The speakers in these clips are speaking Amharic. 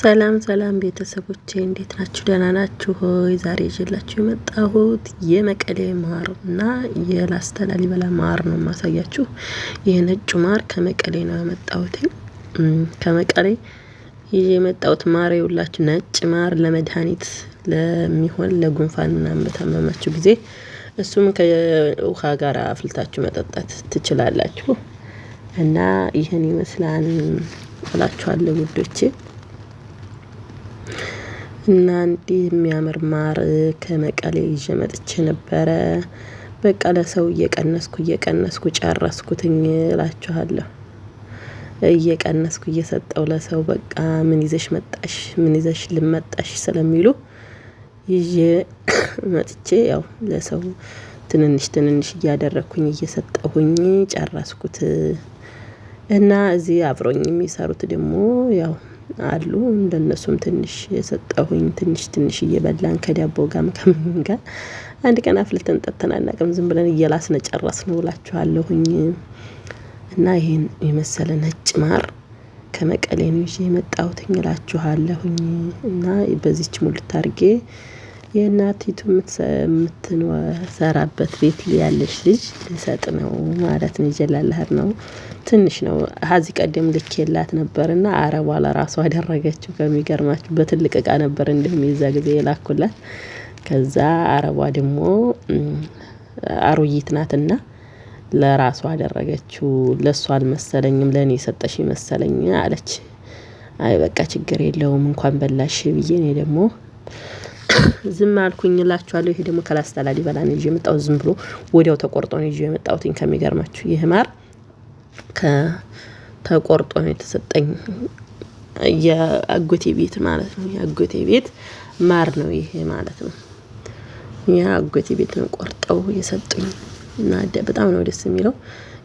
ሰላም ሰላም ቤተሰቦቼ እንዴት ናችሁ? ደህና ናችሁ ሆይ? ዛሬ ይዤላችሁ የመጣሁት የመቀሌ ማር እና የላስታ ላሊበላ ማር ነው የማሳያችሁ። ይህ ነጩ ማር ከመቀሌ ነው ያመጣሁት። ከመቀሌ ይዤ የመጣሁት ማር ይውላችሁ፣ ነጭ ማር ለመድኃኒት ለሚሆን ለጉንፋን ምናምን በታመማችሁ ጊዜ እሱም ከውሃ ጋር አፍልታችሁ መጠጣት ትችላላችሁ እና ይህን ይመስላል እላችኋለሁ ውዶቼ። እና እንዲህ የሚያምር ማር ከመቀሌ ይዤ መጥቼ ነበረ። በቃ ለሰው እየቀነስኩ እየቀነስኩ ጨረስኩትኝ እላችኋለሁ። እየቀነስኩ እየሰጠው ለሰው በቃ ምን ይዘሽ መጣሽ? ምን ይዘሽ ልመጣሽ ስለሚሉ ይዤ መጥቼ ያው ለሰው ትንንሽ ትንንሽ እያደረግኩኝ እየሰጠሁኝ ጨረስኩት። እና እዚህ አብሮኝ የሚሰሩት ደግሞ ያው አሉ እንደነሱም ትንሽ የሰጠሁኝ ትንሽ ትንሽ እየበላን ከዳቦ ጋም ከምን ጋር አንድ ቀን አፍልተን ጠጥተን አናውቅም። ዝም ብለን እየላስነ ጨረስነው ብላችኋለሁኝ እና ይህን የመሰለ ነጭ ማር ከመቀሌ ነው ይዤ የመጣሁትኝ እላችኋለሁኝ። እና በዚች ሙልት አድርጌ የእናቲቱ የምትሰራበት ቤት ያለች ልጅ ልሰጥ ነው ማለት ነው። ይጀላልህር ነው። ትንሽ ነው ከዚህ ቀደም ልኬላት ነበርና አረቧ ለራሷ አደረገችው ከሚገርማችሁ በትልቅ እቃ ነበር እንደውም የዛ ጊዜ የላኩላት። ከዛ አረቧ ደግሞ አሩይት ናትና ለራሷ አደረገችው ለሷ አልመሰለኝም ለኔ የሰጠሽ ይመሰለኝ አለች። አይ በቃ ችግር የለውም እንኳን በላሽ ብዬ እኔ ደግሞ ዝም አልኩኝ እላችኋለሁ። ይሄ ደግሞ ከላስታ ላሊበላ ነው ይዤ የመጣሁት። ዝም ብሎ ወዲያው ተቆርጦ ነው ይዤ የመጣሁት። ከሚገርማችሁ ይህ ማር ተቆርጦ ነው የተሰጠኝ። የአጎቴ ቤት ማለት ነው። የአጎቴ ቤት ማር ነው ይሄ ማለት ነው። የአጎቴ ቤት ነው ቆርጠው የሰጡኝ እና በጣም ነው ደስ የሚለው።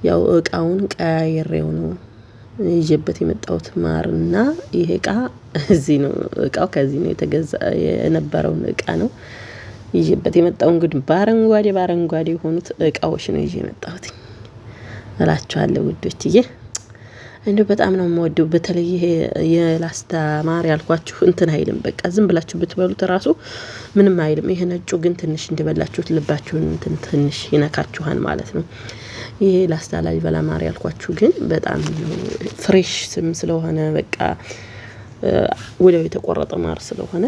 ያው እቃውን ቀያየሬው ነው ይዤበት የመጣሁት ማርና ይሄ እቃ እዚህ ነው። እቃው ከዚህ ነው የተገዛ የነበረውን እቃ ነው ይዤበት የመጣው። እንግዲህ በአረንጓዴ በአረንጓዴ የሆኑት እቃዎች ነው ይዤ የመጣሁት እላችኋለሁ ውዶችዬ። እንዲሁ በጣም ነው የምወደው። በተለይ ይሄ የላስታ ማር ያልኳችሁ እንትን አይልም። በቃ ዝም ብላችሁ ብትበሉት ራሱ ምንም አይልም። ይሄ ነጩ ግን ትንሽ እንደበላችሁት ልባችሁን እንትን ትንሽ ይነካችኋል ማለት ነው። ይሄ ላስታ ላሊበላ ማር ያልኳችሁ ግን በጣም ፍሬሽ ስም ስለሆነ በቃ ወዲያው የተቆረጠ ማር ስለሆነ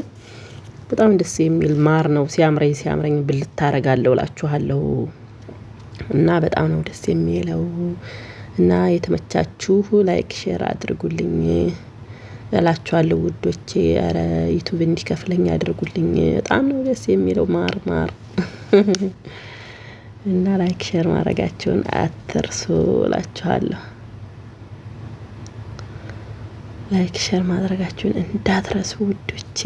በጣም ደስ የሚል ማር ነው። ሲያምረኝ ሲያምረኝ ብልት ላችኋለሁ እና በጣም ነው ደስ የሚለው። እና የተመቻችሁ ላይክ ሼር አድርጉልኝ እላችኋለሁ ውዶቼ። ኧረ ዩቱብ እንዲከፍለኝ አድርጉልኝ። በጣም ነው ደስ የሚለው ማር ማር እና ላይክ ሼር ማድረጋችሁን አትርሱ እላችኋለሁ። ላይክ ሼር ማድረጋችሁን እንዳትረሱ ውዶቼ።